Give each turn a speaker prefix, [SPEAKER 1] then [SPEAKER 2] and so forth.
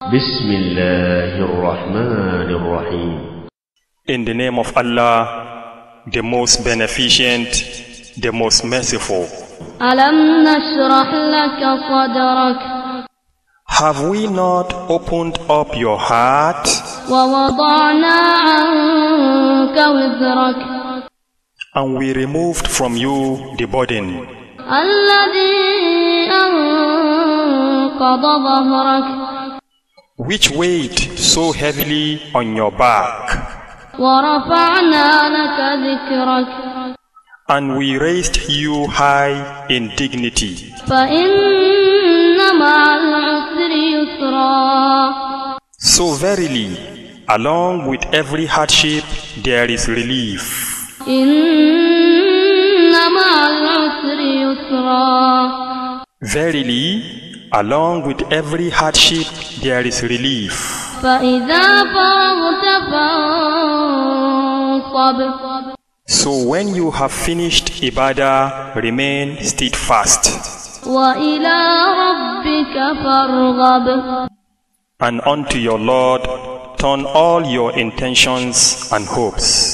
[SPEAKER 1] بسم الله الرحمن الرحيم
[SPEAKER 2] In the name of Allah, the most beneficent, the most merciful.
[SPEAKER 1] ألم نشرح لك صدرك
[SPEAKER 2] Have we not opened up your heart?
[SPEAKER 1] ووضعنا عنك وزرك
[SPEAKER 2] And we removed from you the burden
[SPEAKER 1] الذي أنقض ظهرك
[SPEAKER 2] which weighed so heavily on your back. And we raised you high in dignity. So verily, along with every hardship, there is relief. Verily, Along with every hardship, there is relief. So when you have finished ibadah, remain steadfast. And unto your Lord, turn all your intentions and hopes.